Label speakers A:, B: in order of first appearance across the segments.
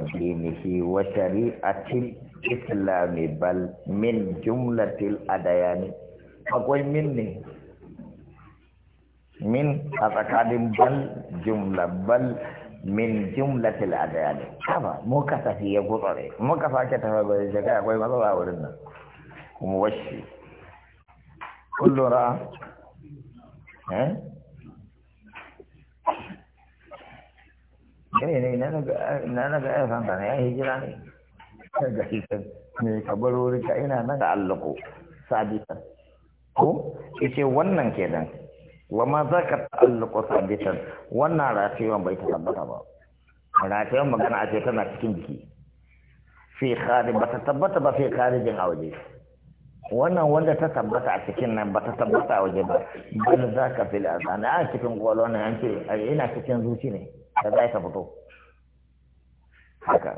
A: ودينه وشريعة الإسلام بل من جملة الأديان أقول مني من أتكلم بل جملة بل من جملة الأديان كما مو هي يقول مو كثفي كثفي بجكاء أقول ما الله أورنا وموشي كل رأى kai ne na na ga ayyukan ka ne ya hijira ne ga hikan ne ka bar wuri ina nan da Allah ko sabitan ko yace wannan kenan wa ma za ka ta'allaka sabitan wannan rafewan bai tabbata ba rafewan magana a ce tana cikin jiki fi khari ba ta tabbata ba fi kharijin a waje wannan wanda ta tabbata a cikin nan ba ta tabbata a waje ba bal za ka fil azana a cikin an ce ina cikin zuci ne ta za ta fito haka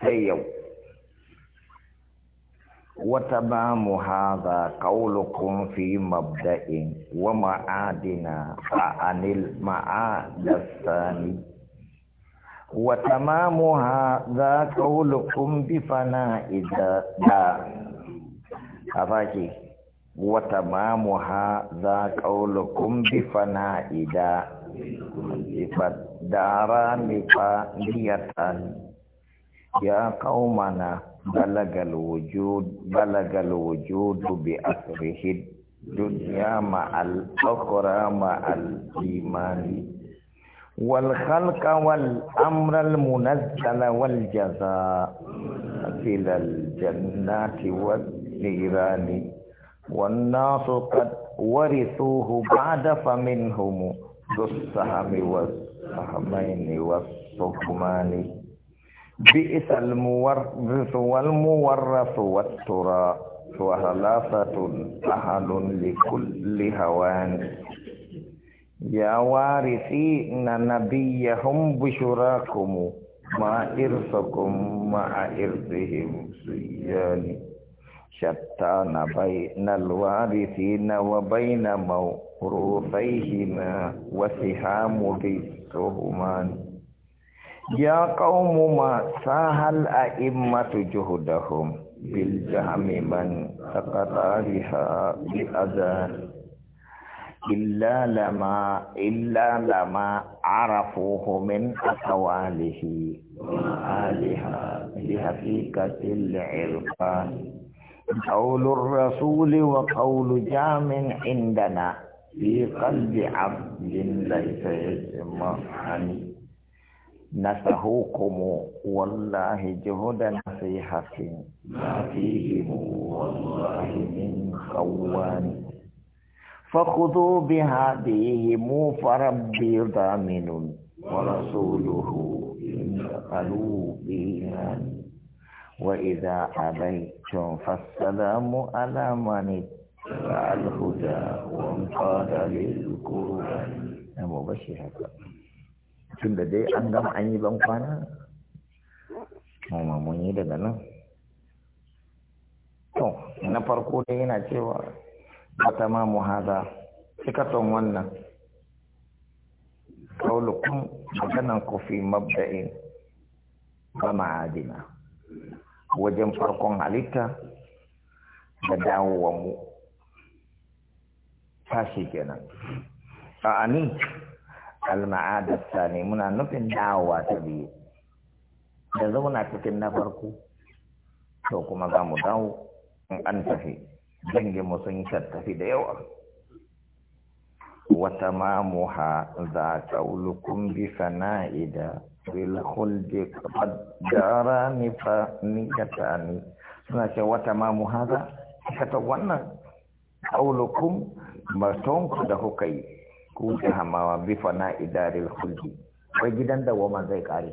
A: sai yau wata ba mu haza kaulukun fi mabda'in wa ma'adina a anil ma'adastani وتمامها ذا قولكم بفناء ذا أفاكي وتمامها ذا قولكم بفناء ذا فالداران فانيتان يا قومنا بلغ الوجود بلغ الوجود بأسره الدنيا مع الأخرى مع الإيمان والخلق والأمر المنزل والجزاء إلى الجنات والنيران والناس قد ورثوه بعد فمنهم ذو السهم والسهمين والسهمان بئس المورث والمورث والترى وهلافة أهل لكل هوان يا وارثين نبيهم بشراكم ما إرثكم مع إرثهم سياني شتان بين الوارثين وبين موروثيهما وسهام بالتهمان يا قوم ما ساها الأئمة جهدهم بالجهم من سقط بها إلا لما إلا لما عرفوه من أقواله وآلها بحقيقة العرفان قول الرسول وقول جامع عندنا في قلب عبد ليس عني نسهوكم والله جهد نصيحة ما فيهم والله من خوان فخذوا بهذه فربي ضامن ورسوله إن قلوبي وإذا عبيتم فالسلام على من اتبع الهدى وانقاد للقرآن يا مبشر هكذا tun da dai an gama an yi ban kwana kuma mun yi daga nan to na farko ne yana cewa mata ma mu haza cikaton wannan kaulukun maganan kofi fi mabda'in ba ma'adina wajen farkon halitta da dawowa mu kenan a ani maadat sani muna nufin dawowa ta biyu da zauna cikin na farko to kuma za mu dawo in an tafi dangin mu sun tattafi da yawa wata mamuha za ta wulukun bisa na'ida fil khuldi qad darani fa nikatani suna ce wata ma mu haza kata wannan qaulukum batun da kuka yi ku ce hamawa bi fa na idaril khuldi wai gidan da zai kare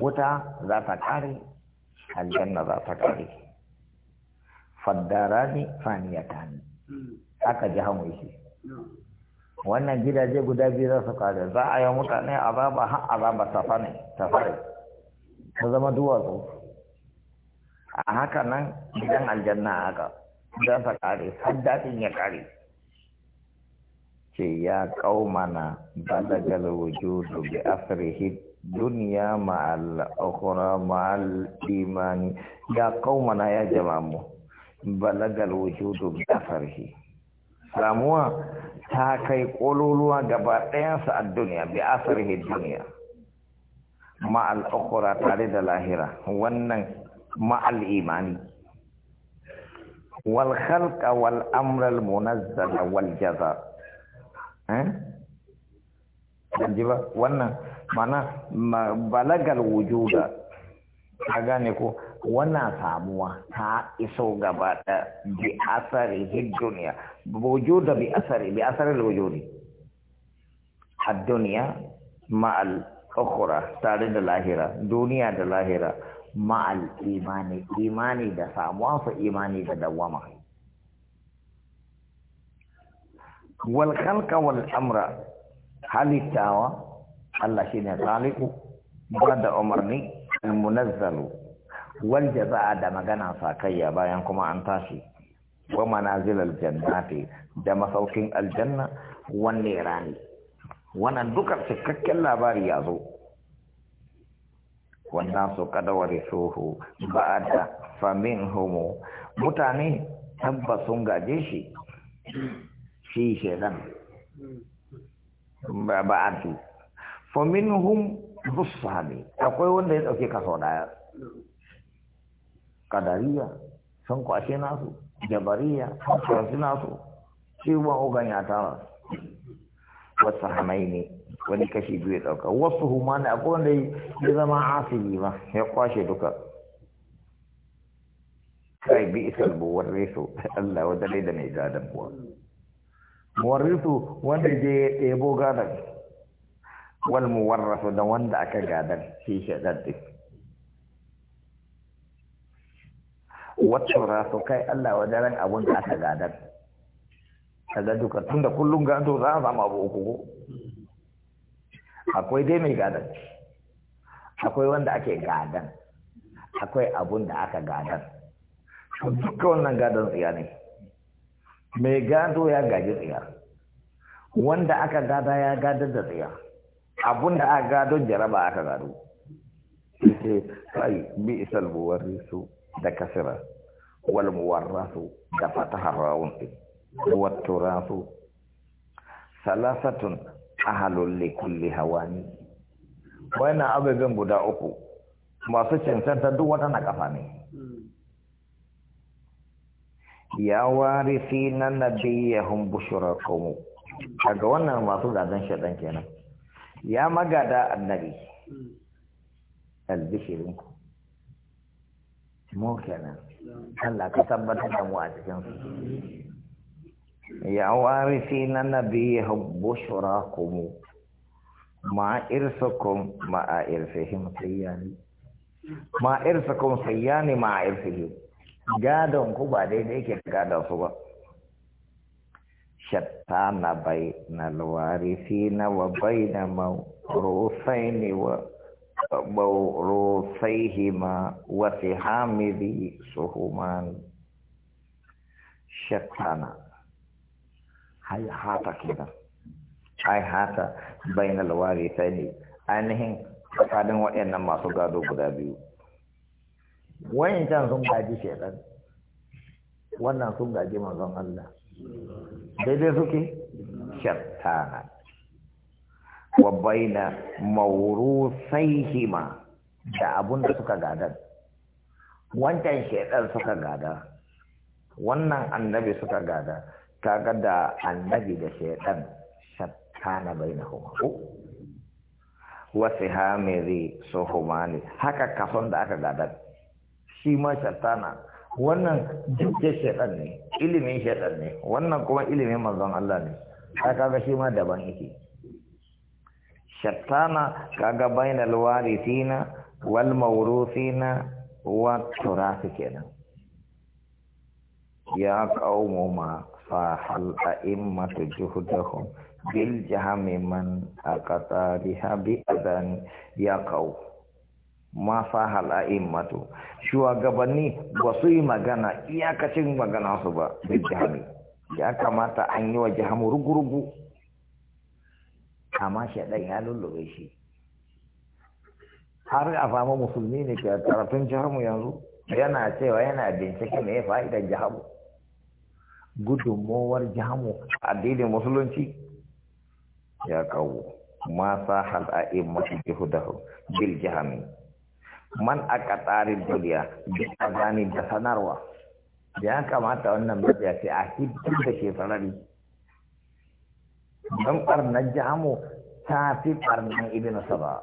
A: wuta zata ta kare aljanna za ta faddarani faniyatani haka jahamu shi wannan gidaje guda biyu za su kare za a yi mutane azaba har azaba tafa tafare ta zama duwatsu a haka nan gidan aljanna haka za su kare har daɗin ya kare ce ya kaumana balagal wujudu bi afirki, duniya ma'al okura ma'al imani ya kaumana ya mu balagal wujudu bi afirki. samuwa ta kai ƙololuwa gaba ɗayansa a duniya bi asirhi duniya ma'al ukura tare da lahira wannan ma'al imani wal khalqa wal amral munazzala wal jaza eh? wannan mana balagal wujuda a gane ko wannan samuwa ta iso gaba da bi asari duniya bojo da bi asari bi asari da bojo ne a duniya ma'al ukhra tare da lahira duniya da lahira ma'al imani imani da samuwa fa imani da dawama wal khalqa wal amra halittawa Allah shine khaliqu ba da umarni al munazzalu wanda za a da magana sakayya bayan kuma an tashi wa manazil aljannati da masaukin aljanna wanne rani wannan duka cikakken labari ya zo wannan su kada warisuhu ba'da famin homo mutane tabbas sun gaje shi shi shedan ba'atu famin hum bussani akwai wanda ya dauke kaso daya kadariya sun kwashe nasu jabariya sun kwashe nasu wa ogan ya tara wasu hamai ne wani kashi biyu ya ɗauka wasu huma ne akwai wanda ya zama asiri ma ya kwashe duka kai bi isal buwar reso Allah wa dai da mai gadon buwa su wanda je ya ɗebo gadon wal muwarrasu da wanda aka gadon shi shaɗaɗɗe wacce rasu kai Allah wa daren abun da aka gadar kaga duka tun da kullum gado za a samu abu uku ko akwai dai mai gadar akwai wanda ake gadan akwai abun da aka gadan duka wannan gadon tsiya ne mai gado ya gaji tsiya wanda aka gada ya gadar da tsiya abun da aka gado jaraba aka gado sai sai bi isal buwar su da kasira wal muwarrasu da fataha raun din wa turasu salasatun ahalul li kulli hawani wana abubuwan guda uku masu cancanta duk wata na kafa ne ya warisi na nabiyahum bushra komo. daga wannan masu gadan shaɗan kenan ya magada annabi hmm. albishirinku mo kenan Allah ka tabbatar da mu a cikin su ya warisi na nabi bushra kumu ma irsakum ma a irsihim sayyani ma irsakum sayyani ma a irsihim gadon ku ba daidai ke gadon su ba shatta na bai na lawarisi na wa bai na mawrufai ne wa موروثيهما wa ذي suhuman شتانا هل hata kita ai hata bainal warithani ainihin tsakanin waɗannan masu gado guda biyu can sun gaji shekar wannan sun gaji manzon Allah daidai suke shattana wa baina maurusaihima da abun da suka gada wancan shaidan suka gada wannan annabi suka gada kaga da annabi da shaidan shattana bainahuma wasu hamiri ne haka kason da aka gada shi ma shattana wannan jirgin shaidan ne ilimin shaidan ne wannan kuma ilimin manzon Allah ne Ta kaga shi ma daban yake shattana kaga bainal warithina wal mawruthina wa turafi kenan ya qaumu ma fa hal a'immatu juhdahum bil jahami man aqata biha bi adan ya qau ma fa hal a'immatu gabanni ba su yi magana iyakacin magana su ba bil jahami ya kamata an yi wa jahamu rugurugu amma shaɗan ya lullube shi har a fama musulmi ne ke tarafin jihamu yanzu yana cewa yana bincike mai fa'idan jihamu gudunmowar jihamu addinin musulunci ya kawo ma sa hal'a'in masu da bil jihami man a katsarin duniya da azani da sanarwa ya kamata wannan mabiya sai a hiddu da shekarari don ɓarnar jamu ta fi ɓarnar ibn saba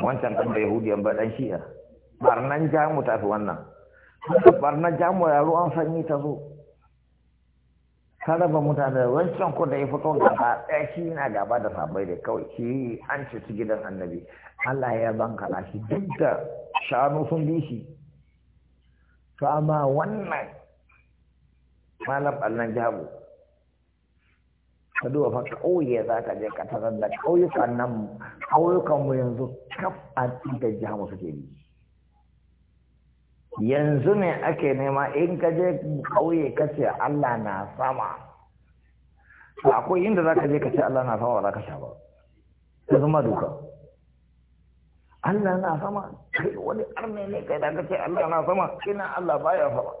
A: wancan ɗan da yahudiyan ba ɗan shi'a Ɓarnan jamu ta fi wannan ɓarnan jamu ya ruwan sanyi ta zo sarrafa mutane wancan ko da ya fito gaba ɗaya shi na gaba da sabai da kawai shi an ci su gidan annabi Allah ya bankala shi duk da shanu sun bi shi to amma wannan malam Allah jabu ka duba fa ƙauye za ka je ka tarar da ƙauyukan nan ƙauyukan mu yanzu kaf a da jamu suke bi yanzu ne ake nema in ka je ƙauye ka ce Allah na sama to akwai inda za ka je ka ce Allah na sama ba za ka sha ba ta zama duka Allah na sama kai wani arne ne kai da ka ce Allah na sama kina Allah baya sama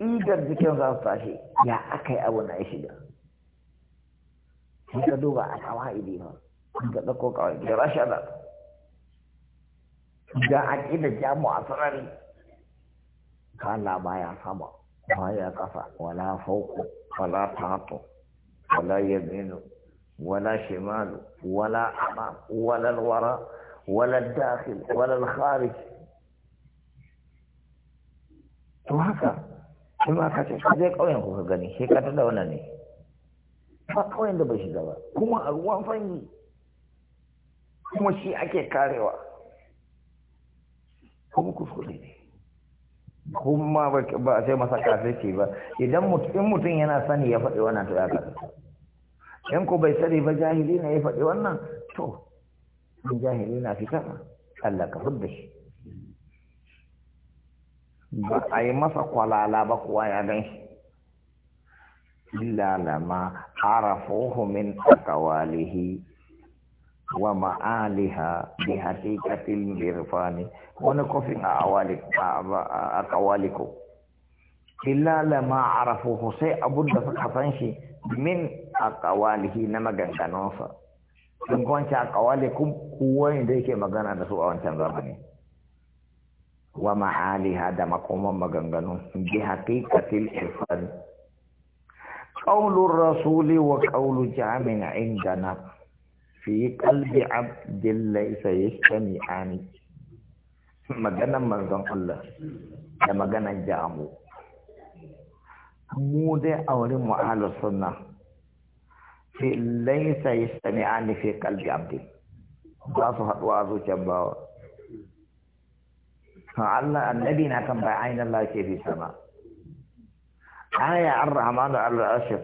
A: tsidar jikin za su tashi ya aka yi abu na ya shiga sai ka duba a kama idi ba ga ɗauko kawai da rashada da aƙida jamu a sarari kala baya sama baya ƙasa wala fauku wala tato wala yaminu Shimalu, wala ولا wala ولا wala ولا wala ولا to haka. sai ma ka ce ka je ƙauyen ku ka gani sai ka tada wannan ne ba ƙauyen da bai shiga ba kuma a ruwan fangi kuma shi ake karewa kuma kuskure ne kuma ba sai masa ce ba idan mutum yana sani ya faɗi wannan to ya kasa in ko bai sani ba jahili na ya faɗi wannan to in jahili na fita Allah ka fudda shi ba a yi masa kwalala ba kuwa ya gan shi illa lama arafuhu min aqwalihi wa ma'aliha bi haqiqatil irfani wani kofin a awalik a kawaliko illa sai abun da suka san shi min aqwalihi na maganganunsa sun kwanci a kawalikum kuwa da yake magana da su a wancan zamani ومعاليها دا مقوم مغنغنو حقيقة الإرفان قول الرسول وقول جامع عندنا في قلب عبد ليس يجتمعان مغنى مغنى الله دا مغنى جامو mu dai a wurin mu'alar sunna fi في yastami'ani fi qalbi abdi za su haɗu الله النبي بعين الله كيف يسمى آية الرحمن على العرش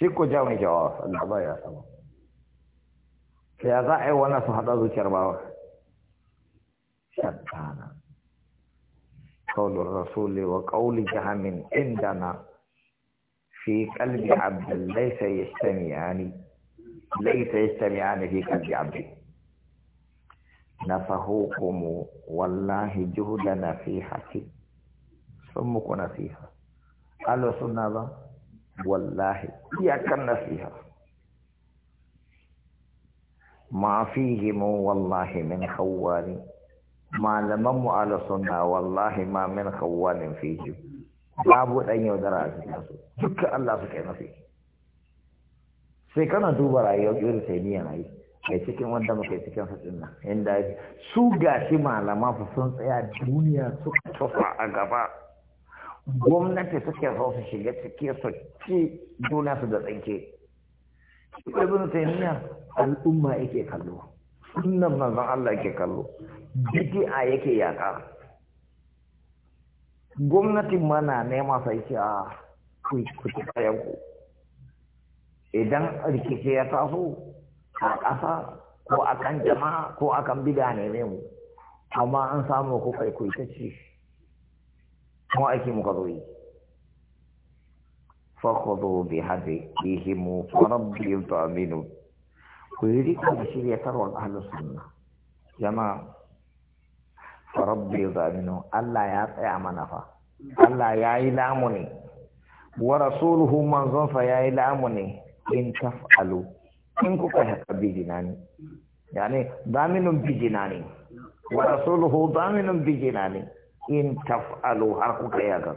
A: شكو جاوني جواب الله يا سما فيضع ولا صحدا ذكر باو قول الرسول وقول جهم عندنا في قلب عبد ليس يستمعان ليس يستمعان في قلب عبد نفهوكم والله في حكي سمكنا فيها قالوا سنة والله إياك فيها ما فيهم والله من خوان ما لم على سنة والله ما من خوان فيه babu ɗan yaudara a الله su فيه سيكون suka yi nasi sai kai cikin wanda muka yi cikin hatsin nan inda su gashi malama su sun tsaya duniya suka tafa a gaba gwamnati suke zo su shiga ciki su ci duniya su da tsinke ibn taymiya al'umma yake kallo sunnan manzon Allah yake kallo bid'a yake yaka Gwamnati mana na nema sai a ah, ku ku idan rikice ya taso a ƙasa ko a kan jama'a ko a kan biga ne mu amma an samu ku kai ku ita ce mu aiki muka zo yi fakhudhu bi hadihim wa rabbi Aminu. ku yi riko da shirya tarwar ahlus sunna jama'a fa rabbi Aminu, Allah ya tsaya mana fa Allah ya yi lamuni wa rasuluhu manzon fa ya yi lamuni in taf'alu in kuka haka bi jinani yani daminun bi jinani wa rasuluhu daminun bi jinani in taf'alu har kuka yaga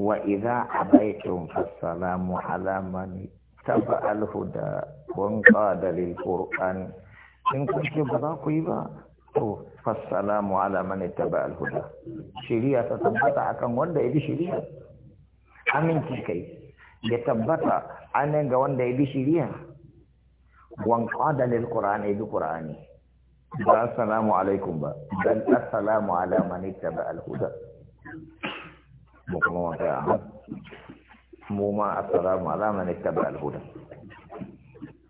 A: wa idza abaitum fassalamu ala man taba alhuda wan qada lil qur'an in kun ba za ku yi ba to fassalamu ala man taba alhuda shari'a ta tabbata akan wanda ya bi shari'a aminci kai ya tabbata anan ga wanda ya bi shiriya wan qada lil qur'ani bi qur'ani ba assalamu alaikum ba dan assalamu ala man ittaba al huda mu kuma wa mu ma assalamu ala man ittaba al huda